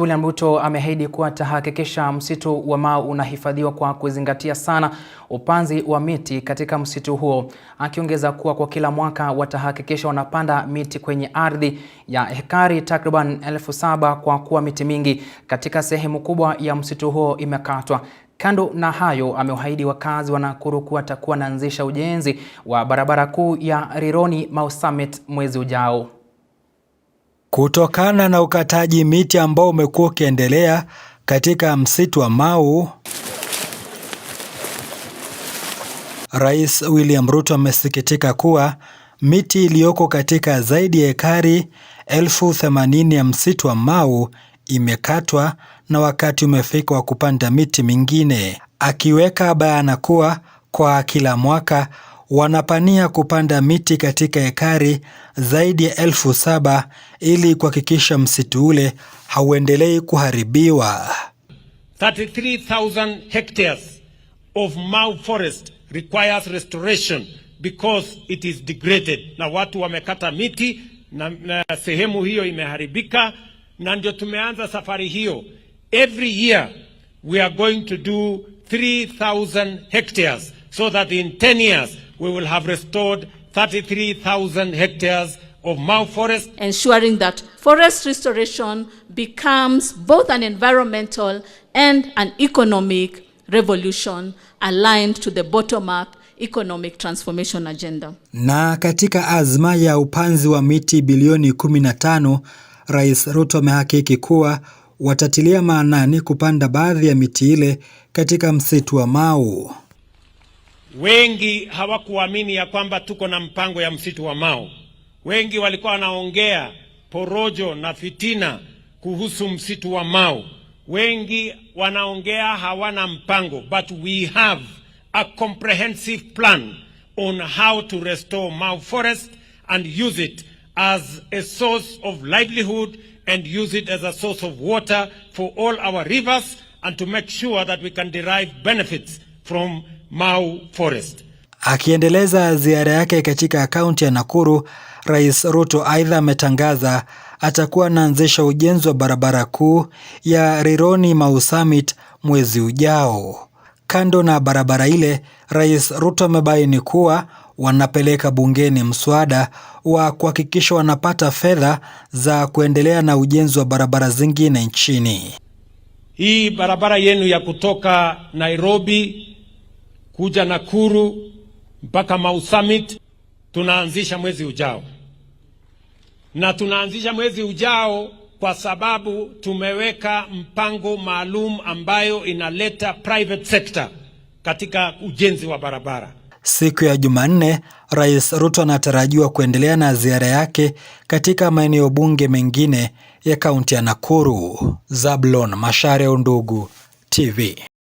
William Ruto ameahidi kuwa atahakikisha msitu wa Mau unahifadhiwa kwa kuzingatia sana upanzi wa miti katika msitu huo, akiongeza kuwa kwa kila mwaka watahakikisha wanapanda miti kwenye ardhi ya hekari takriban elfu saba kwa kuwa miti mingi katika sehemu kubwa ya msitu huo imekatwa. Kando na hayo, amewaahidi wakazi wa Nakuru kuwa atakuwa anaanzisha ujenzi wa barabara kuu ya Rironi Mau Summit mwezi ujao. Kutokana na ukataji miti ambao umekuwa ukiendelea katika msitu wa Mau, Rais William Ruto amesikitika kuwa miti iliyoko katika zaidi ya ekari elfu themanini ya msitu wa Mau imekatwa na wakati umefika wa kupanda miti mingine, akiweka bayana kuwa kwa kila mwaka wanapania kupanda miti katika ekari zaidi ya elfu saba ili kuhakikisha msitu ule hauendelei kuharibiwa. 33,000 hectares of Mau forest requires restoration because it is degraded. Na watu wamekata miti na, na sehemu hiyo imeharibika na ndio tumeanza safari hiyo. Every year we are going to do 3,000 hectares so that in 10 years we will have restored 33,000 hectares of Mau forest. Ensuring that forest restoration becomes both an environmental and an economic revolution aligned to the bottom-up economic transformation agenda. Na katika azma ya upanzi wa miti bilioni 15, Rais Ruto amehakiki kuwa watatilia maanani kupanda baadhi ya miti ile katika msitu wa Mau. Wengi hawakuamini ya kwamba tuko na mpango ya msitu wa Mao. Wengi walikuwa wanaongea porojo na fitina kuhusu msitu wa Mao. Wengi wanaongea hawana mpango, but we have a comprehensive plan on how to restore Mau forest and use it as a source of livelihood and use it as a source of water for all our rivers and to make sure that we can derive benefits from Mau Forest. Akiendeleza ziara yake katika kaunti ya Nakuru, Rais Ruto aidha ametangaza atakuwa anaanzisha ujenzi wa barabara kuu ya Rironi Mau Summit mwezi ujao. Kando na barabara ile, Rais Ruto amebaini kuwa wanapeleka bungeni mswada wa kuhakikisha wanapata fedha za kuendelea na ujenzi wa barabara zingine nchini. Hii barabara yenu ya kutoka Nairobi kuja Nakuru mpaka Mau Summit. Tunaanzisha mwezi ujao, na tunaanzisha mwezi ujao kwa sababu tumeweka mpango maalum ambayo inaleta private sector katika ujenzi wa barabara. Siku ya Jumanne, Rais Ruto anatarajiwa kuendelea na ziara yake katika maeneo bunge mengine ya kaunti ya Nakuru. Zablon mashare Undugu TV.